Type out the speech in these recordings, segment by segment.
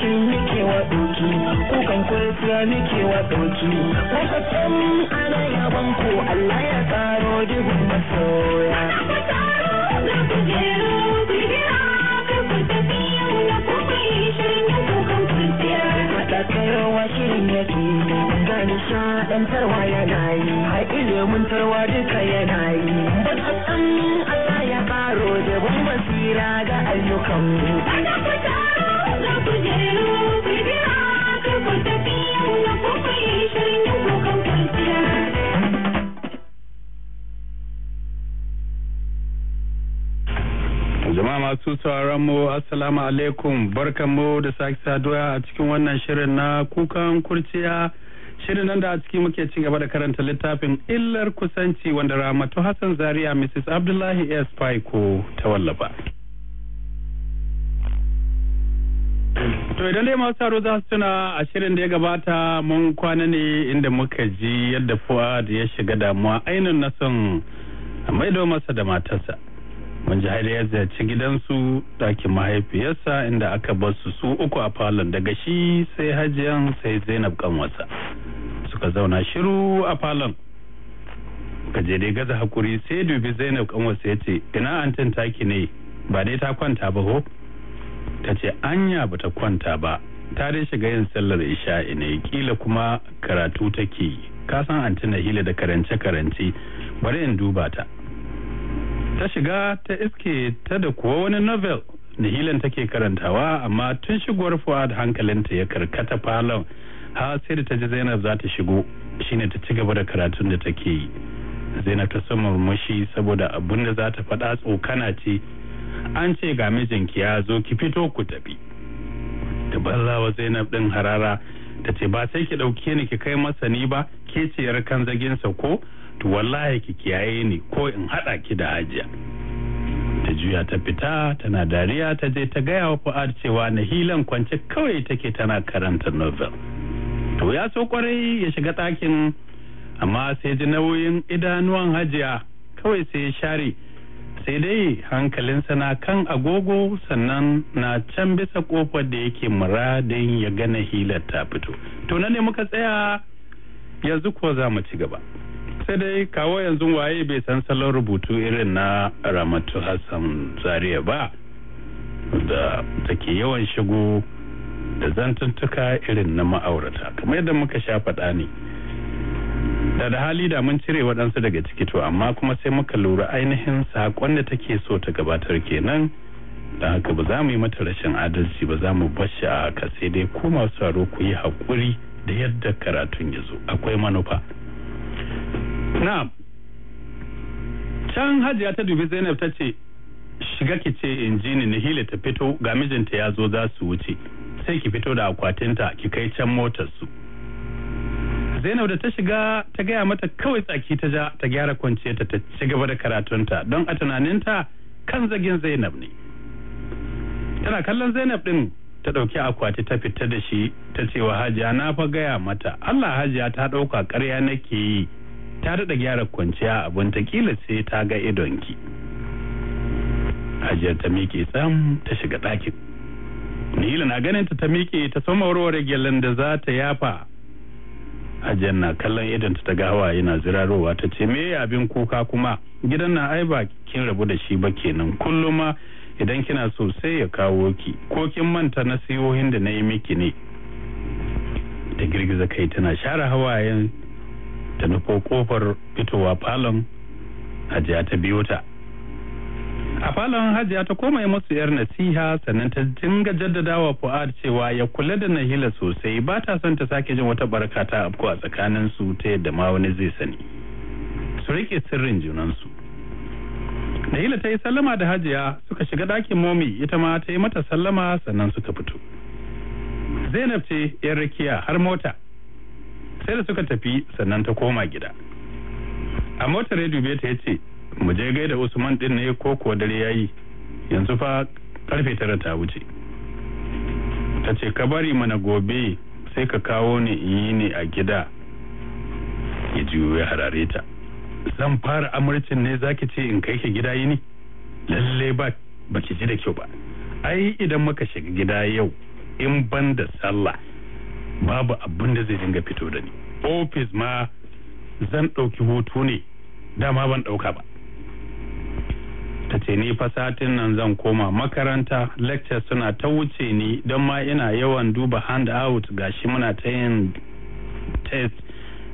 bacci nake wa ɗauki kukan kurciya nake wa ɗauki wata can ana yaban ku Allah ya tsaro dubin masoya. Haɗakarwa shirin yake ga nishaɗantarwa yana yi, a ilimin tarwa duka yana yi. Wata can Allah ya tsaro dubin basira ga ayyukanmu. jama'a masu sauraron mu assalamu alaikum mu da sake saduwa a cikin wannan shirin na kukan kurciya shirin nan da a ciki muke ci gaba da karanta littafin illar kusanci wanda ramatu hassan zaria mrs abdullahi s ko ta wallafa to idan dai masu saro za su tuna a shirin da ya gabata mun kwana ne inda muka ji yadda fuad ya shiga damuwa ainihin na son mai masa da matarsa mujahid ya ziyarci gidansu ɗakin mahaifiyarsa inda aka bar su su uku a falon daga shi sai hajiyan sai zainab kanwasa suka zauna shiru a falon ka dai gaza hakuri sai dubi zainab kanwasa ya ce ina an antin taki ne ba dai ta kwanta ba ho ta ce anya ba ta kwanta ba ta dai shiga yin sallar isha'i ne kila kuma karatu take ka san antina hila da karance karance bari in duba ta ta shiga ta iske ta da kuwa wani novel nihilan take karantawa amma tun shigowar fuad hankalinta ya karkata falon har sai da ta ji zainab za ta shigo shine ta ci gaba da karatun da take yi zainab ta san murmushi saboda abin da za ta faɗa tsokana ce an ce ga mijinki ya zo ki fito ku tafi ta ballawa zainab din harara ta ce ba sai ki ɗauke ni ki kai masani ba ke ce kan zaginsa ko to wallahi ki kiyaye ni ko in haɗa ki da hajiya ta juya ta fita tana dariya ta je ta gaya wa fa'ad cewa na hilan kwance kawai take tana karanta novel to ya so kwarai ya shiga ɗakin amma sai ji nauyin idanuwan hajiya kawai sai ya share sai dai hankalinsa na kan agogo sannan na can bisa kofar da yake muradin ya gana hilar ta fito to na ne muka tsaya yanzu ko za mu ci gaba sai dai kawo yanzu waye bai san salon rubutu irin na ramatu hassan zaria ba da take yawan shigo da zantuntuka irin na ma'aurata kamar yadda muka sha faɗa ne da da hali da mun cire waɗansu daga ciki to amma kuma sai muka lura ainihin saƙon da take so ta gabatar kenan da haka ba za mu yi mata rashin adalci ba za mu bashi a haka sai dai ku masu ku yi haƙuri da yadda karatun ya zo akwai manufa na'am can hajiya ta dubi zainab ta ce shiga ki ce injini nihila ta fito ga mijinta ya zo za su wuce sai ki fito da akwatinta ki kai can motarsu zainab da ta shiga ta gaya mata kawai tsaki ta ja ta gyara kwanciyarta ta ci gaba da karatunta don a tunaninta kan zagin zainab ne tana kallon zainab din ta ɗauki akwati ta fita da shi ta cewa hajiya na fa gaya mata allah hajiya ta ɗauka ƙarya nake yi ta daɗa gyara kwanciya abin ta kila ce ta ga idonki hajiyar ta miƙe tsam ta shiga ɗakin nila na ganin ta ta miƙe ta sama warware gyalen da za ta yafa Ajiyar na kallon idon ta ga hawa yana zirarowa ta ce me abin kuka kuma gidan na ai ba kin rabu da shi ba kenan kullum idan kina so sai ya kawo ki ko kin manta nasihohin da na yi miki ne ta girgiza kai tana share hawayen ta nufo kofar fitowa falon hajiya ta biyo ta a falon hajiya ta koma masu yar nasiha sannan ta dinga jaddadawa fu'ad cewa ya kula da nahila sosai ba ta son ta sake jin wata barka ta abu a tsakanin su ta yadda ma wani zai sani su rike sirrin junansu nahila ta yi sallama da hajiya suka shiga ɗakin momi ita ma ta yi mata sallama sannan suka fito zainab ce yar rakiya har mota sai da suka tafi sannan ta koma gida a motar ya dube ta ya ce mu je gaida usman din ne ko kuwa dare ya yi yanzu fa karfe tara ta wuce ta ce ka bari mana gobe sai ka kawo ni in yi ne a gida ya juyo ya harare ta zan fara amurcin ne zaki ce in kai ki gida yi ni lalle ba baki ji da kyau ba ai idan muka shiga gida yau in ban da sallah babu abin da zai dinga fito da ni ofis ma zan ɗauki hoto ne dama ban ɗauka ba ta ce ni fa satin nan zan koma makaranta lectures suna ta wuce ni don ma ina yawan duba hand out gashi muna ta yin test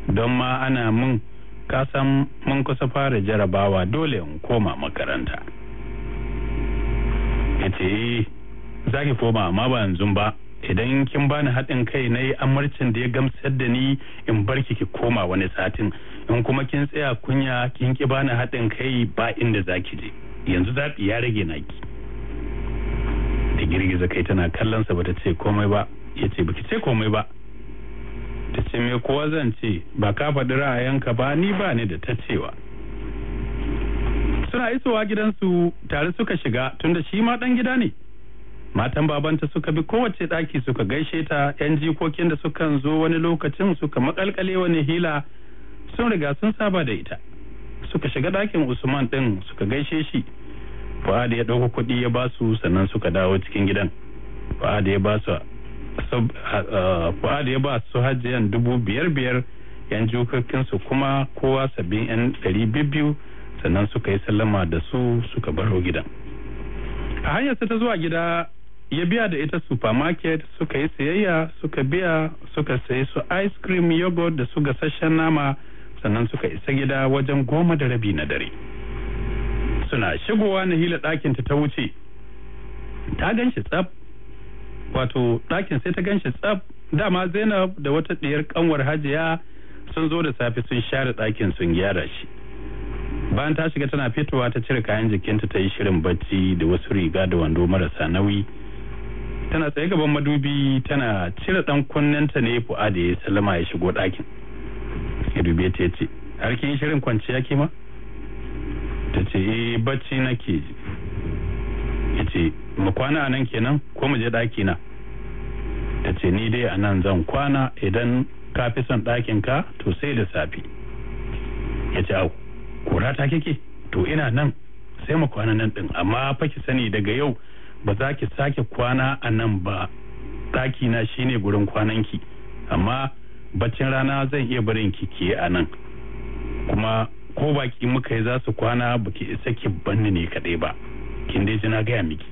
don ma ana mun kasan mun kusa fara jarabawa dole in koma makaranta ya ce eh, za ki koma amma ba yanzu ba idan kin bani haɗin kai na yi amarcin da ya gamsar da ni in bar ki koma wani satin in kuma kin tsaya kunya kin ki bani haɗin kai ba inda ki je yanzu zaɓi ya rage naki da girgiza kai tana kallon sa bata ce komai ba ya ce baki ce komai ba ta ce me kowa zan ce ba ka faɗi ra'ayinka ba ni ba ni da ta cewa suna isowa gidansu tare suka shiga tunda shi ma ɗan gida ne matan babanta suka bi kowace ɗaki suka gaishe ta yan jikokin da sukan zo wani lokacin suka makalkale wani hila sun riga sun saba da ita suka shiga ɗakin usman ɗin suka gaishe shi fa'ad ya ɗauko kuɗi ya basu sannan suka dawo cikin gidan fa'ad ya ba su fa'ad ya ba su dubu biyar biyar yan su kuma kowa sabbin yan ɗari biyu sannan suka yi sallama da su suka baro gidan a hanyarsa ta zuwa gida ya biya da ita supermarket suka yi sayayya suka biya suka sayi su ice cream yogurt da su gasasshen nama sannan suka isa gida wajen goma da rabi na dare suna shigowa na hila ɗakinta ta wuce ta gan shi tsab wato ɗakin sai ta gan shi tsab dama zainab da wata ɗiyar kanwar hajiya sun zo da safe sun share ɗakin sun gyara shi bayan ta shiga tana fitowa ta cire kayan jikinta ta yi shirin bacci da wasu riga da wando marasa nauyi tana tsaye gaban madubi tana cire dan kunnenta ne fu'ada ya Salama ya shigo ɗakin ya dube ta ce har kin shirin kwanciya ke ma ta ce eh bacci nake ji ya ce mu kwana a nan kenan ko mu je ɗaki na ta ce ni dai a nan zan kwana idan ka fi son ɗakin ka to sai da safi ya ce au kura ta kike to ina nan sai mu kwana nan ɗin amma fa ki sani daga yau ba za ki sake kwana a nan ba daki na shine gurin kwananki amma baccin rana zan iya barin ki ke a nan kuma ko baki muka yi za su kwana ba ki isa ki banni ne kaɗai ba kin dai ji na gaya miki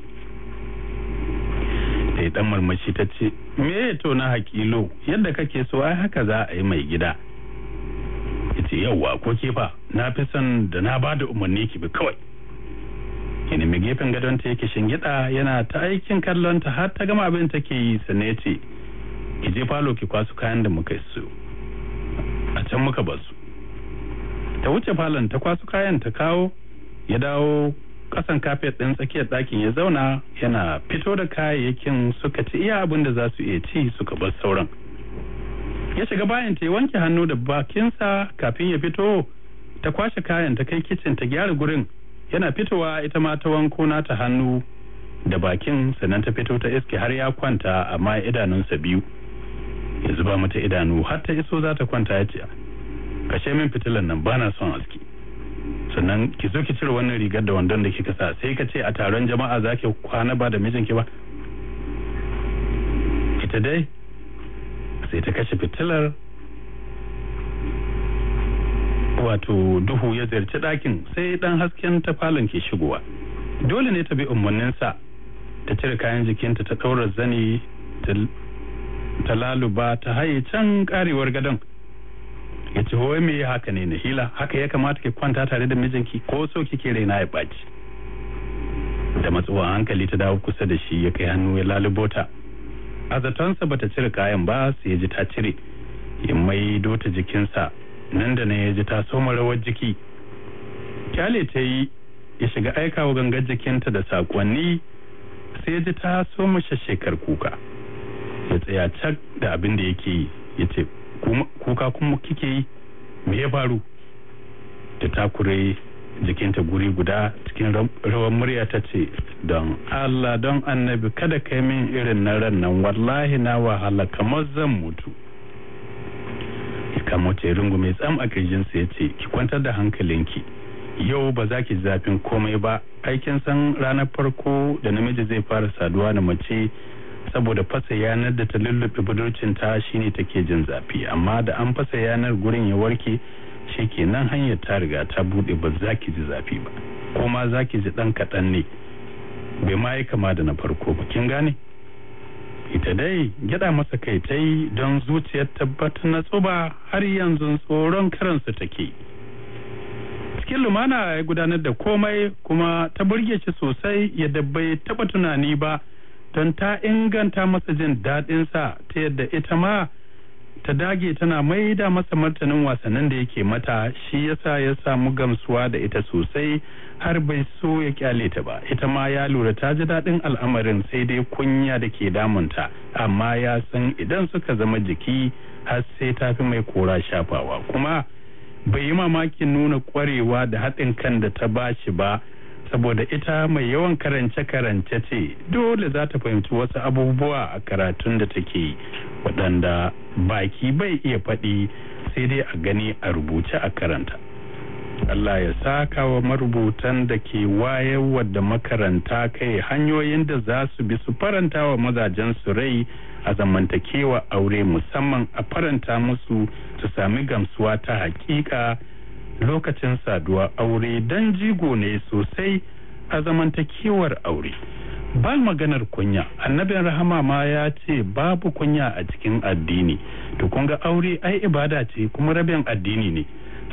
ta dan marmashi ta ce me to na hakilo yadda kake so ai haka za a yi mai gida ita yauwa ko ke na fi son da na ba da umarni ki bi kawai ya mai gefen gadon ta yake shingida yana ta aikin kallon ta har ta gama abin take yi sane ce ki je falo ki kwasu kayan da muka su a can muka basu ta wuce falon ta kwasu kayan ta kawo ya dawo kasan kafet ɗin tsakiyar ɗakin ya zauna yana fito da kayayyakin suka ci iya abin da za su iya ci suka bar sauran ya shiga bayan ta wanke hannu da bakinsa kafin ya fito ta kwashe kayan ta kai kicin ta gyara gurin yana fitowa ita ma ta wanko nata hannu da bakin sannan ta fito ta iske har ya kwanta amma idanunsa biyu ya zuba mata idanu har ta iso za ta kwanta ya ce kashe min fitilan nan bana son aski sannan ki zo ki cire wannan rigar da wandon da kika sa sai ka ce a taron jama'a za ki kwana ba da mijinki ba ita dai sai ta kashe fitilar wato duhu ya ziyarci ɗakin sai ɗan hasken ta falon ke shigowa dole ne ta bi umarninsa ta cire kayan jikinta ta ɗaura zani ta laluba ta haye can karewar gadon ya ce wai me ya haka ne na hila haka ya kamata ki kwanta tare da mijinki ko so kike raina ya ɓaci da matsuwa hankali ta dawo kusa da shi ya kai hannu ya lalubota a zatonsa bata cire kayan ba sai ya ji ta cire ya maido ta jikinsa nan da nan ya ji ta soma rawar jiki kyale ta yi ya shiga aikawa gangar jikinta da sakonni sai ya ji ta soma shashekar kuka ya tsaya cak da abin da yake yi ya ce kuka kuma kike yi me ya faru ta takure jikinta guri guda cikin rawar murya ta ce don allah don annabi kada kai min irin na ran nan wallahi na wahala kamar zan mutu kama ta mai tsam a kirjinsa ya ce ki kwantar da hankalinki yau ba za ki zafin komai ba aikin san ranar farko da namiji zai fara saduwa da mace saboda fasa yanar da ta lullube ta shine take jin zafi amma da an fasa yanar gurin ya warke shi kenan hanyar ta riga ta bude ba za ki ji zafi ba kuma za ki ji dan kaɗan ne bai ma yi kama da na farko ba kin gane ita dai gyada masa kai ta yi don zuciyar tabbatar na tsuba har yanzu tsoron karansa take cikin lumana ya gudanar da komai kuma ta burge shi sosai yadda bai taba tunani ba don ta inganta masa jin daɗinsa ta yadda ita ma ta dage tana mai da masa martanin wasannin da yake mata shi yasa ya samu gamsuwa da ita sosai har bai so ya kyale ta ba ita ma ya lura ta ji daɗin al'amarin sai dai kunya da ke damunta amma ya san idan suka zama jiki har sai ta fi mai kora shafawa kuma bai yi mamakin nuna kwarewa da haɗin kan da ta ba shi ba saboda ita mai yawan karance-karance ce dole za ta fahimci wasu abubuwa a karatun da take waɗanda baki bai iya faɗi sai dai a gani a rubuce a karanta. Allah ya saka wa marubutan da ke wayewa da makaranta kai hanyoyin da za su bi su faranta wa mazajen su rai a zamantakewa aure musamman a faranta musu su sami gamsuwa ta hakika lokacin saduwa aure don jigo ne sosai a zamantakewar aure. ba maganar kunya annabin rahama ma ya ce babu kunya a cikin addini to kun aure ai ibada ce kuma rabin addini ne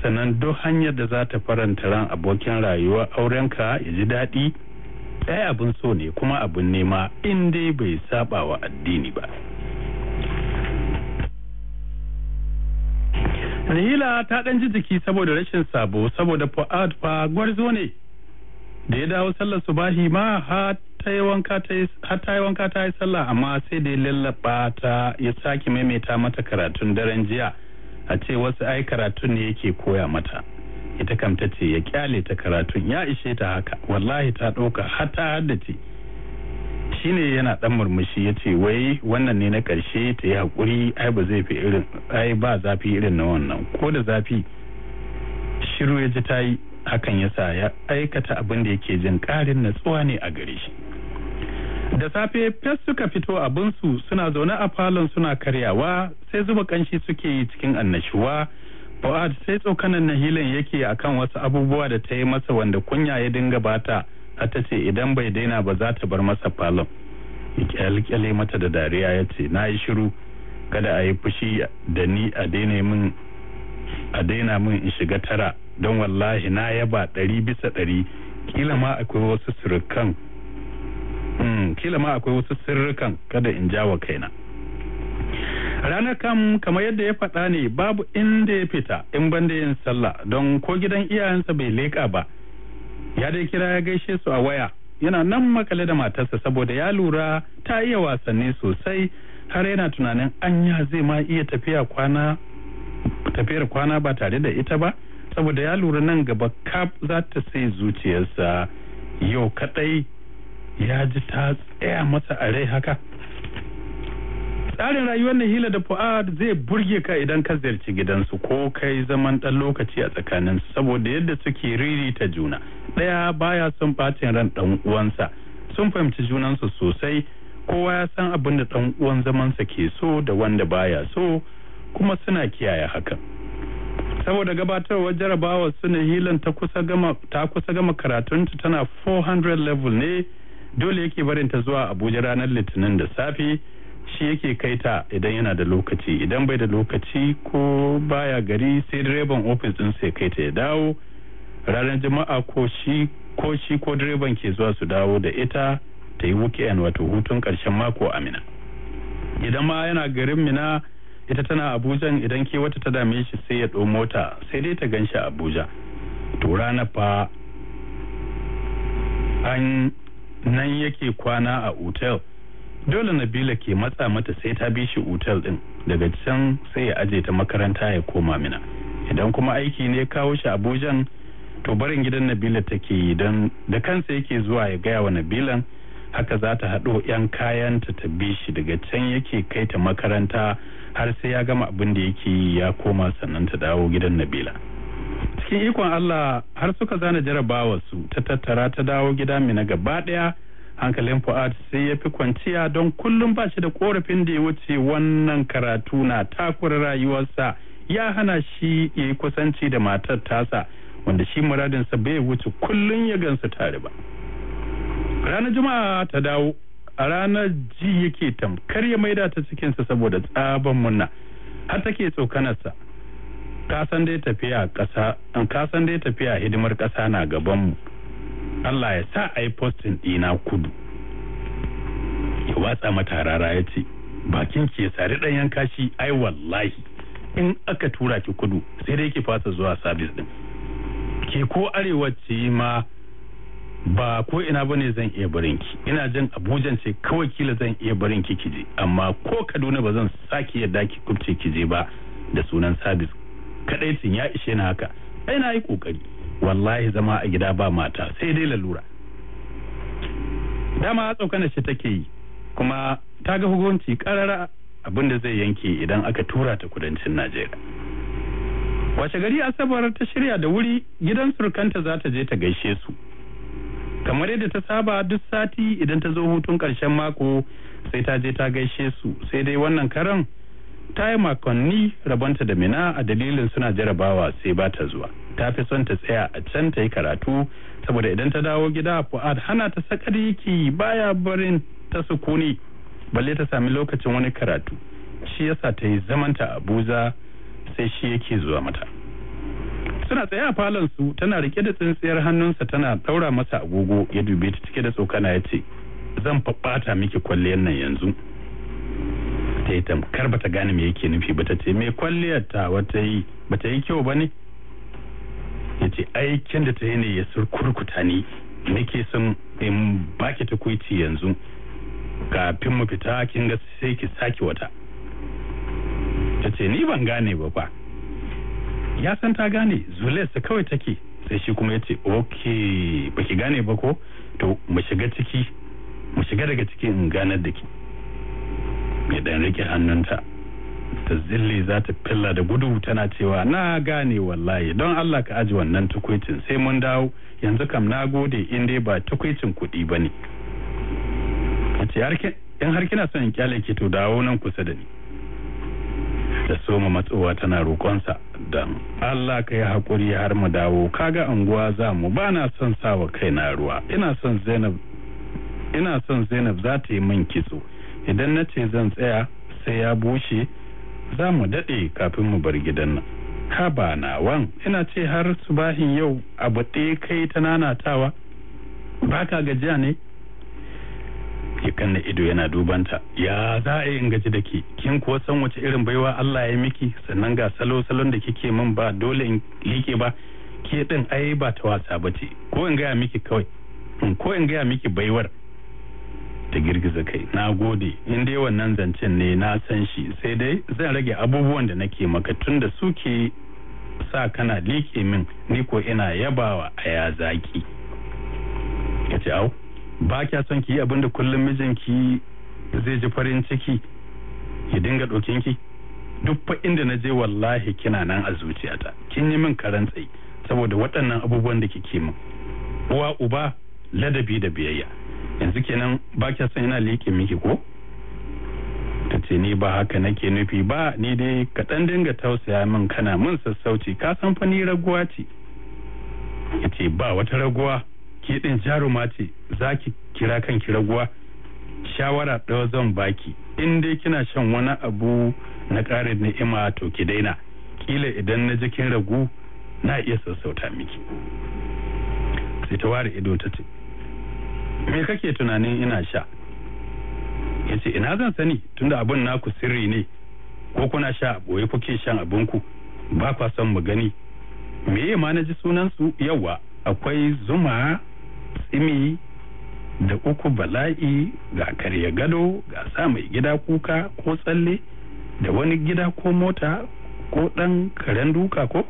Sannan duk hanyar da za ta faranta ran abokin rayuwar aurenka ya ji daɗi ɗaya abin so ne kuma abin nema in dai bai saba wa addini ba rahila ta ɗan ji jiki saboda rashin sabo saboda fa'ad fa gwarzo ne da ya dawo sallar subahi ma har ta yi wanka ta yi sallah amma sai da ya lallaba ta ya sake maimaita mata karatun daren jiya a ce wasu ai karatun ne yake koya mata ita kam ta ce ya kyale ta karatun ya ishe ta haka wallahi ta ɗauka hata haddace shine yana dan murmushi ya ce wai wannan ne na ƙarshe ta yi haƙuri ai ba zai fi irin ai ba zafi irin na wannan ko da zafi shiru ya ji ta yi hakan ya sa ya aikata abin da yake jin ƙarin natsuwa ne a gare shi da safe fes suka fito abinsu suna zaune a falon suna karyawa sai zuba kanshi suke yi cikin annashuwa fa'ad sai tsokanan na hilin yake akan wasu abubuwa da ta yi masa wanda kunya ya dinga bata har ta ce idan bai daina ba za ta bar masa falon kyalkyale mata da dariya ya ce na yi shiru kada a yi fushi da ni a daina min a daina min in shiga tara don wallahi na yaba ɗari bisa ɗari kila ma akwai wasu surukan Hmm, kila ma akwai wasu sirrukan kada in jawa kaina ranar kam kamar yadda ya faɗa ne babu inda ya fita in banda yin sallah don ko gidan iyayensa bai leƙa ba ya dai kira ya gaishe su a waya yana nan makale da matarsa saboda ya lura ta iya wasanni sosai har yana tunanin anya zai ma iya tafiya kwana tafiyar kwana ba tare da ita ba saboda ya lura nan gaba kaf za ta sai zuciyarsa yau kadai ya ji ta tsaya masa a rai haka tsarin rayuwar hila da fu'ad zai burge ka idan ka ziyarci gidansu ko kai zaman ɗan lokaci a tsakanin saboda yadda suke ririta juna ɗaya baya son bacin ran ɗan uwansa sun fahimci junansu sosai kowa ya san abin da ɗan uwan zamansa ke so da wanda baya so kuma suna kiyaye hakan saboda gabatarwar jarabawa suna hilan ta kusa gama karatunta tana 400 level ne dole yake barin ta zuwa abuja ranar litinin da safe shi yake kai ta idan yana da lokaci idan bai da lokaci ko baya gari sai direban ofis din sai kai ta ya dawo ranar jama'a ko shi ko direban ke zuwa su dawo da ita ta yi weekend wato hutun karshen mako a mina idan ma yana garin mina ita tana abuja idan ke wata ta dame shi sai ya ɗau mota sai dai ta gan shi abuja to ranar fa an nan yake kwana a otel dole nabila ke matsa mata sai ta bi shi otel din daga can sai ya aje ta makaranta ya koma mina idan kuma aiki ne kawo shi abujan to barin gidan nabila take yi don da kansa yake zuwa ya gaya wa nabilan haka za ta haɗo 'yan kayanta ta bi shi daga can yake kai ta makaranta har sai ya gama abin da yake yi ya koma sannan ta dawo gidan nabila cikin ikon Allah har suka zana jarabawar su ta tattara ta dawo gida mai na gaba daya hankalin Fuad sai ya fi kwanciya don kullum ba shi da korafin da ya wuce wannan karatu na takura rayuwarsa ya hana shi ya yi kusanci da matar tasa wanda shi muradinsa bai wuce kullum ya gansa tare ba ranar juma'a ta dawo a ranar ji yake tamkar ya maida ta cikinsa saboda tsaban munna har take tsokanarsa kasan dai tafiya ƙasa kasan dai tafiya hidimar ƙasa na gabanmu Allah ya sa a yi postin ɗina kudu ya watsa mata rara ya ce bakin ke sari ɗan yanka shi ai wallahi in aka tura ki kudu sai dai ki fasa zuwa sabis ɗin ke ko arewaci ma ba ko ina bane zan iya barin ki ina jin Abuja ce kawai kila zan iya barin ki kije amma ko kaduna ba zan sake yadda ki kubce kije ba da sunan sabis kadaicin ya ishe na haka ai na yi kokari wallahi zama a gida ba mata sai dai lalura dama tsokanar shi take yi kuma ta ga hukunci karara abin da zai yanke idan aka tura ta kudancin najeriya wace gari asabar ta shirya da wuri gidan surkanta za ta je ta gaishe su kamar yadda ta saba duk sati idan ta zo hutun karshen mako sai ta je ta gaishe su sai dai wannan karan ta yi makonni rabonta da mina a dalilin suna jarabawa sai ba ta zuwa ta fi son ta tsaya a can ta yi karatu saboda idan ta dawo gida fu'ad hana ta sakar yiki baya barin ta sukuni balle ta sami lokacin wani karatu shi yasa ta yi zamanta a abuza sai shi yake zuwa mata suna tsaye a falon su tana rike da tsintsiyar hannunsa tana daura masa agogo ya dube ta cike da tsokana ya ce zan faɓata miki kwalliyar nan yanzu ta yi tamkar bata gane me yake nufi ba ta ce me kwalliyar ta wata yi bata yi kyau ba ne ya ce aikin da ta yi ne ya surkurkuta ni nake son in baki takwici yanzu kafin mu fita kin ga sai ki saki wata ta ce ni ban gane ba ba ya san ta gane zulesa kawai take sai shi kuma ya ce ok baki gane ba ko to mu shiga ciki mu shiga daga ciki in ganar da ki ya dan rike hannunta ta zille za ta filla da gudu tana cewa na gane wallahi don Allah ka aji wannan tukwicin sai mun dawo yanzu kam na gode in dai ba tukwicin kuɗi ba ne in har kina son in kyale ki to dawo nan kusa da ni da soma matsowa tana roƙonsa don Allah ka yi haƙuri har mu dawo kaga anguwa za mu ba na son sawa kaina ruwa ina son Zainab ina son Zainab za ta yi min kitso idan na ce zan tsaya sai ya bushe za mu daɗe kafin mu bar gidan nan na nawan ina ce har su bahin yau abu ɗaya kai ta nanatawa ba ka gajiya ne ya kanna ido yana dubanta ya za a yi in gaji da ke kin kuwa san wace irin baiwa Allah ya miki sannan ga salo salon da kike min ba dole in like ba ke din ai ba ta wasa ba ce ko in gaya miki kawai hmm, ko in gaya miki baiwar ta girgiza kai na gode in dai wannan zancen ne na san shi sai dai zan rage abubuwan da nake maka tun da suke sa kana liƙe min ni ko ina yabawa a ya zaki ka ce au ba kya son ki yi abin da kullum mijinki zai ji farin ciki ya dinga ɗokin ki duk fa inda na je wallahi kina nan a zuciyata kin yi min karan saboda waɗannan abubuwan da kike min uwa uba ladabi da biyayya yanzu kenan ba kya san yana leke miki ko ta ce ni ba haka nake nufi ba ni dai ka ɗan dinga tausaya min kana min sassauci ka san fa raguwa ce ya ce ba wata raguwa ke ɗin jaruma ce za ki kira kanki raguwa shawara ɗawa zan baki in dai kina shan wani abu na ƙarin ni'ima to ki daina kila idan na jikin ragu na iya sassauta miki sai ta ware ido ta ce me kake tunanin ina sha ya ce ina zan sani tunda abin naku sirri ne ko kuna sha boye kuke shan abinku ba kwa son mu gani me ma na ji sunansu yawa akwai zuma tsimi da uku bala'i ga karya gado ga sa mai gida kuka ko tsalle da wani gida ko mota ko ɗan karen duka ko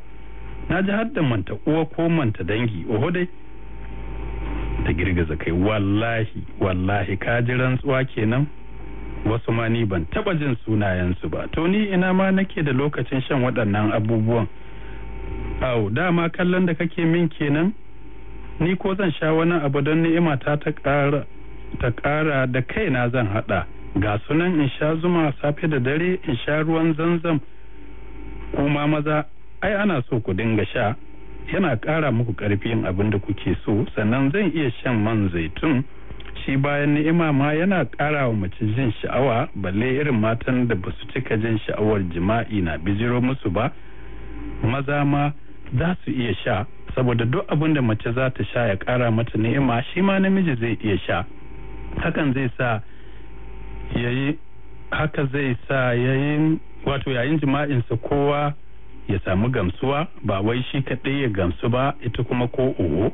na ji hadda manta uwa ko manta dangi oho dai ta girgiza kai wallahi wallahi ka ji rantsuwa kenan wasu ma ni ban taba jin sunayensu ba to ni ina ma nake da lokacin shan waɗannan abubuwan au dama kallon da kake min kenan ni ko zan sha wani abu don ni'ima ta ta ƙara ta ƙara da kaina zan haɗa ga sunan in sha zuma safe da dare in sha ruwan zanzam kuma maza ai ana so ku dinga sha yana ƙara muku ƙarfin abin da kuke so sannan zan iya shan man zaitun shi bayan ni'ima ma yana ƙara wa mace jin sha'awa balle irin matan da ba su cika jin sha'awar jima'i na bijiro musu ba maza ma za su iya sha saboda duk abin da mace za ta sha ya ƙara mata ni'ima shi ma namiji zai iya sha hakan zai sa yayi haka zai sa yayin wato yayin jima'insa kowa ya samu gamsuwa ba wai shi kaɗai ya gamsu ba ita kuma ko uwo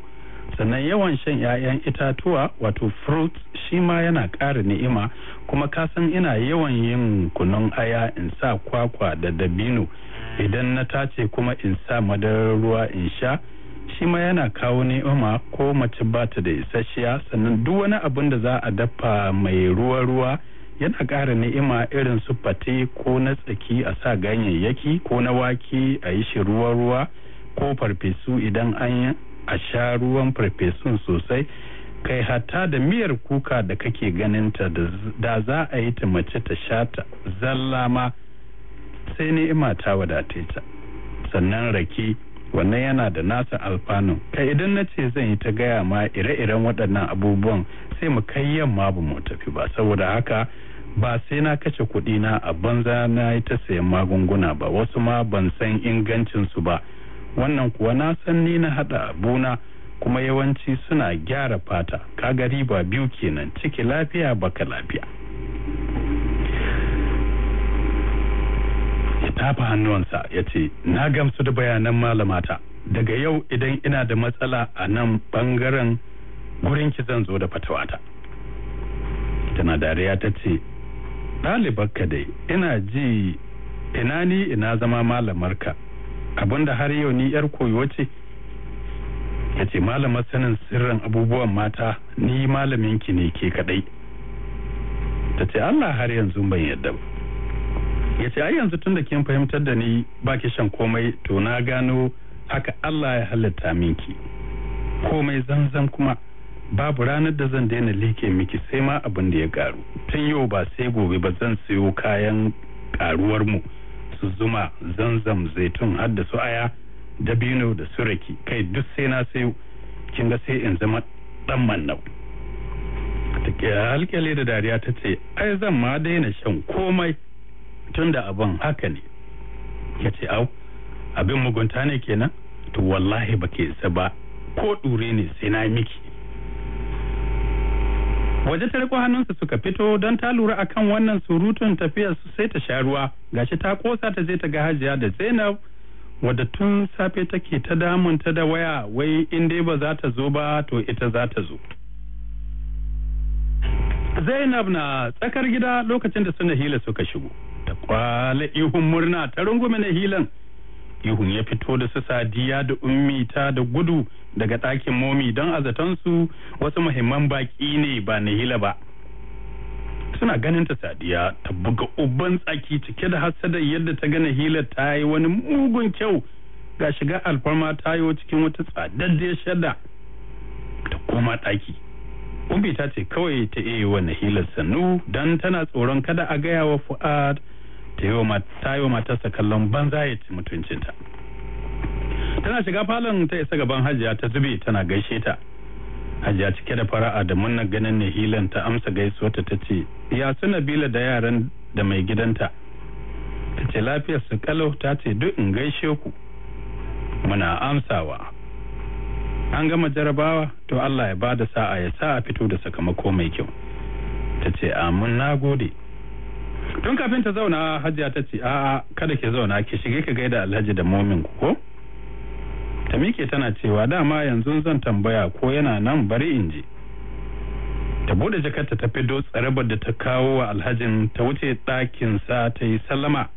sannan yawan shan 'ya'yan itatuwa wato fruit shi ma yana ƙara ni'ima kuma kasan ina yawan yin kunun aya in sa kwakwa da dabino idan na tace kuma in sa madarar ruwa in sha shi ma yana kawo ni'ima ko mace bata da isasshiya sannan duk wani abin da za a dafa mai ruwa-ruwa yana ƙara ni'ima irin su fate ko na tsaki a sa ganyayyaki ko na wake a yi shi ruwa-ruwa ko farfesu idan an yi a sha ruwan farfesun sosai kai hata da miyar kuka da kake ganinta da za a yi ta mace ta sha ta zalla ma sai ni'ima ta wadate ta sannan rake wannan yana da nasa alfanun kai idan na ce zan yi ta gaya ma ire-iren waɗannan abubuwan sai mu kai yamma ba mu tafi ba saboda haka ba sai na kace kuɗi na a banza na yi ta sayan magunguna ba wasu ma ban san ingancin su ba wannan kuwa na san ni na haɗa abuna kuma yawanci suna gyara fata kaga riba biyu kenan ciki lafiya baka lafiya ya tafa hannuwansa ya ce na gamsu da bayanan malamata daga yau idan ina da matsala a nan bangaren gurin ki zan zo da fatawata tana dariya ta ce ɗalibarka dai ina ji ina ni ina zama malamarka abinda har yau ni yar koyo ce ya ce malamar sanin sirrin abubuwan mata ni malaminki ne ke kaɗai. ta ce allah har yanzu ban yadda ba ya ce ai yanzu tun da kin fahimtar da ni ba ki shan komai to na gano haka allah ya halitta minki komai zanzan kuma babu ranar da zan daina like miki sai ma abin da ya karu tun yau ba sai gobe ba zan sayo kayan karuwar mu su zuma zanzam zaitun har da su aya dabino da su kai duk sai na sayo kin ga sai in zama dan mannau ta alƙyale da dariya ta ce ai zan ma daina shan komai tun da abin haka ne ya ce au abin mugunta ne kenan to wallahi ba ke ba ko ɗure ne sai na miki waje ta riko hannunsa suka fito don ta lura a kan wannan surutun tafiyar su sai ta sha ruwa gashi ta kosa ta je ta ga hajiya da zainab wadda tun safe take ta damunta da waya wai in dai ba za ta zo ba to ita za ta zo zainab na tsakar gida lokacin da suna hila suka shigo ta kwale ihun murna ta rungume na hilan ihun ya fito da su sadiya da ummita da gudu daga ɗakin momi don a su wasu muhimman baƙi ne ba na hila ba suna ganin ta sadiya ta buga uban tsaki cike da hasada yadda ta gana hila ta yi wani mugun kyau ga shiga alfarma ta yi cikin wata tsadadde shadda ta koma ɗaki ummi ta ce kawai ta iya yi wa hilar sannu don tana tsoron kada a gaya wa fu'ad ta yi wa matarsa kallon banza ya ci mutuncinta tana shiga falon ta isa gaban hajiya ta zube tana gaishe ta hajiya cike da fara'a da munna ganin ne hilan ta amsa gaisuwarta ta ce ya su nabila da yaran da mai gidanta ta ce lafiyar su kalau ta ce duk in gaishe ku muna amsawa an gama jarabawa to allah ya ba da sa'a ya sa a fito da sakamako mai kyau ta ce amin na gode tun kafin ta zauna hajiya ta ce a'a kada ki zauna ki shige ka gaida alhaji da momin ku ko ta mike tana cewa dama yanzu zan tambaya ko yana nan bari in je ta bude jakarta ta fido tsarabar da ta kawo wa alhajin ta wuce ɗakinsa ta yi sallama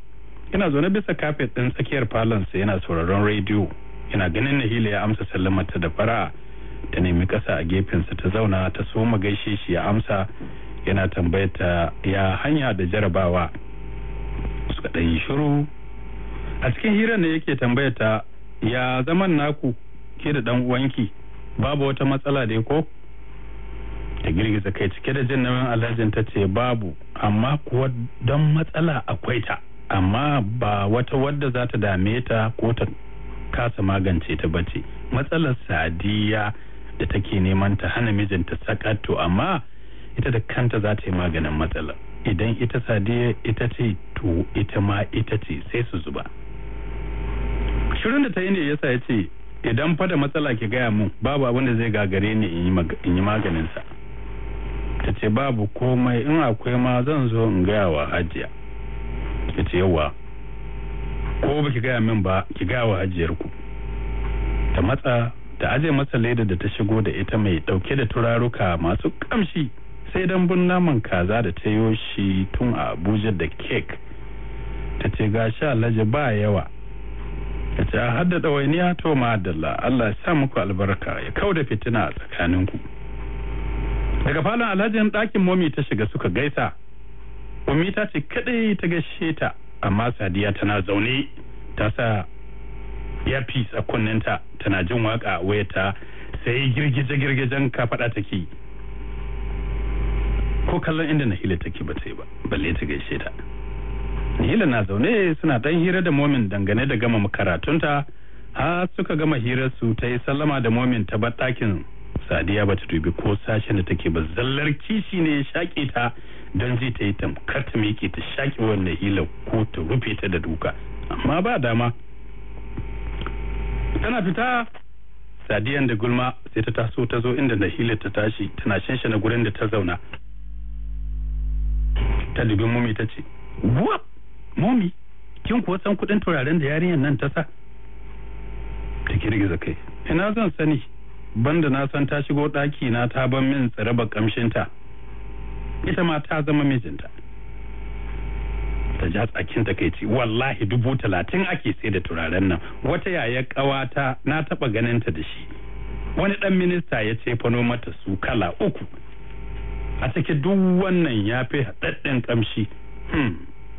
Ina zaune bisa kafet ɗin tsakiyar falonsa yana sauraron rediyo Ina ganin hila ya amsa sallama ta da fara ta nemi ƙasa a gefensa ta zauna ta so soma gaishe shi ya amsa yana tambayata ya hanya da jarabawa suka ɗan yi shiru a cikin hira ne yake tambayata ya zaman naku ke da ɗan uwanki babu wata matsala da ko ta girgiza kai cike da jin nauyin alhajin ta ce babu amma kuwa don matsala akwai ta amma ba wata wadda za ta dame ta ko ta kasa magance ta bace matsalar sadiya da take neman ta hana mijinta sakato amma ita da kanta za ta yi maganin matsala idan ita sadiya ita ce to ita ma ita ce sai su zuba shirin da ta yi ne yasa ya ce idan fada matsala ki gaya mu babu abin da zai gagare ni in yi maganinsa ta ce babu komai in akwai ma zan zo in gaya wa hajiya ta ce yawa ko ba ki gaya min ba ki gaya wa hajiyar ku ta matsa ta aje masa da ta shigo da ita mai dauke da turaruka masu kamshi sai dambun naman kaza da ta yo shi tun a abuja da kek ta ce ga sha alhaji ba yawa ta ce a haddada ya to ma'adalla allah ya sa muku albarka ya kau da fitina a tsakaninku daga falon alhajin ɗakin momi ta shiga suka gaisa momi ta ce kaɗai ta gaishe ta amma sadiya tana zaune ta sa ya fi kunninta tana jin waka wai ta sai girgije girgijen kafaɗa take ko kallon inda nahila take ba ta yi ba balle ta gaishe ta nahila na zaune suna dan hira da momin dangane da gama karatunta har suka gama hirar su ta yi sallama da momin ta bar ɗakin sadiya ba ta dubi ko sashen da take ba zallar kishi ne ya shaƙe ta don zai ta yi tamkar ta miƙe ta shaƙe wannan hila ko ta rufe ta da duka amma ba dama tana fita sadiyan da gulma sai ta taso ta zo inda nahila ta tashi tana shanshana gurin da ta zauna ta Mummi mumi ta ce wap mumi kin kuwa san kudin turaren da yarinyar nan ta sa ta girgiza kai ina zan sani banda na san ta shigo ɗaki na ta ban min tsare tsiraba ta ita ma ta zama mijinta ta ja tsakin ta kai wallahi dubu talatin ake sai da turaren nan wata yaya ƙawata na taɓa ganin ta da shi wani ɗan minista ya ce fano mata su kala uku a cikin duk wannan ya fi haɗaɗɗen ƙamshi hmm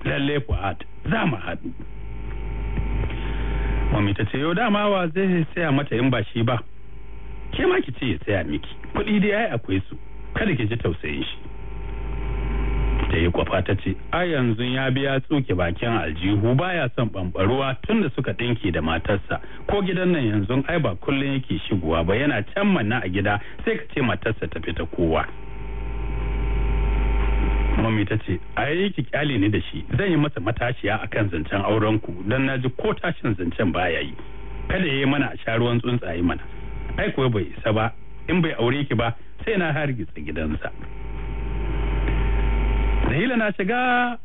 lalle fu'ad za mu haɗu mami ta ce yau dama wa zai saya mata in ba shi ba ke ma ki ce ya saya miki kuɗi dai ai akwai su kada ki ji tausayin shi ta yi kwafa ta ce a yanzu ya biya tsuke bakin aljihu baya son bambaruwa tun da suka ɗinki da matarsa ko gidan nan yanzu ai ba kullum yake shigowa ba yana can manna a gida sai ka ce matarsa ta fita kowa mami ta ce ai ki kyale ni da shi zan yi masa matashiya kan zancen auren ku na ji ko tashin zancen baya yi kada ya yayi mana a sha ruwan tsuntsaye mana ai kuwa bai isa ba in bai aure ki ba sai na hargitsa gidansa Zahila na shiga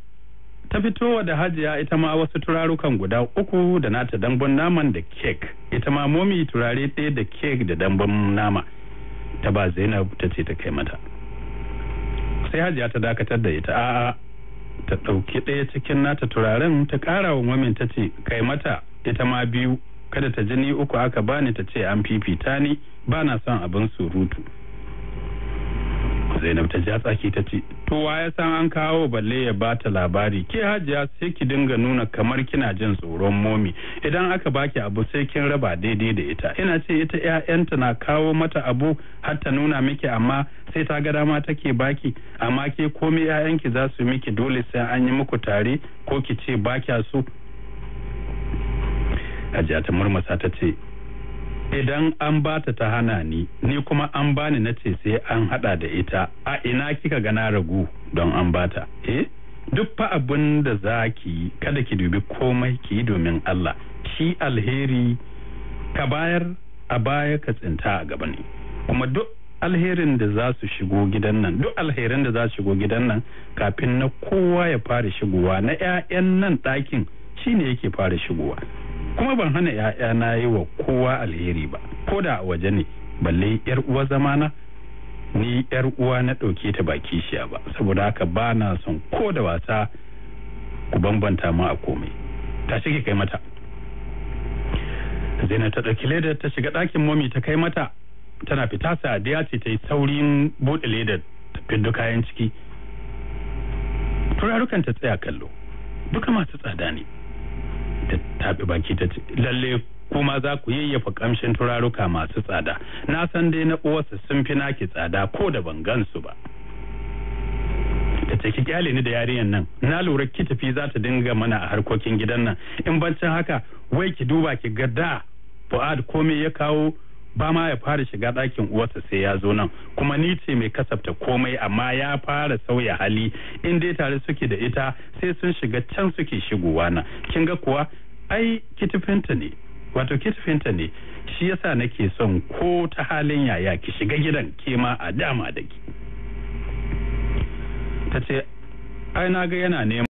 ta fito da hajiya ita ma wasu turarukan guda uku da nata dambun naman da kek ita ma momi turare ɗaya da kek da dambun nama ta ba zainab ta ce ta kai mata sai hajiya ta dakatar da ita a'a ta ɗauki ɗaya cikin nata turaren ta kara wa mamin ta ce kai mata ita ma biyu kada ta jini uku aka bani ta ce an fifita ni ba na son abin surutu zainab ta ja tsaki ta ce to ya san an kawo balle ya bata labari ke hajiya sai ki dinga nuna kamar kina jin tsoron momi idan aka baki abu sai kin raba daidai da ita ina ce ita ƴaƴanta na kawo mata abu har ta nuna miki amma sai ta ga dama take baki amma ke komai ƴaƴanki za su miki dole sai an yi muku tare ko ki ce baki su. hajiya ta murmusa ta ce idan an ba ta ta hana ni ni kuma an bani na ce sai an hada da ita a ina kika gana ragu don an ba ta eh duk fa abin da za ki kada ki dubi komai ki yi domin Allah shi alheri ka bayar a baya ka tsinta a gaba ne kuma duk alherin da za su shigo gidan nan duk alherin da za su shigo gidan nan kafin na kowa ya fara shigowa na 'ya'yan nan ɗakin shine yake fara shigowa kuma ban hana ‘ya'yana yi wa kowa alheri ba ko da waje ne balle ‘yar uwa zamana ni ‘yar uwa na ɗauke ta ba kishiya ba saboda haka ba na son ko da wasa ku bambanta ma a komai ta shige kai mata zainab ta ɗauki ledar ta shiga ɗakin momi ta kai mata tana fita Sadiya ce ta yi saurin buɗe ledar ta fiddo kayan ciki turarukan ta tsaya kallo duka masu tsada ne ta tafi baki ta ce lalle kuma za ku yayyafa kamshin turaruka masu tsada na san dai na uwarsa sun fi naki tsada ko da ban gansu ba ta ce ki kyale ni da yarinyan nan na lura ki tafi za ta dinga mana a harkokin gidan nan in bancin haka wai ki duba ki ga da fu'ad komai ya kawo ba ma ya fara shiga ɗakin uwarsa sai ya zo nan kuma ni ce mai kasafta komai amma ya fara sauya hali in dai tare suke da ita sai sun shiga can suke shigowa na kin ga kuwa ai kitifinta ne wato kitifinta ne shi yasa nake son ko ta halin yaya ki shiga gidan ke ma a dama da ki ta ce ai na ga yana neman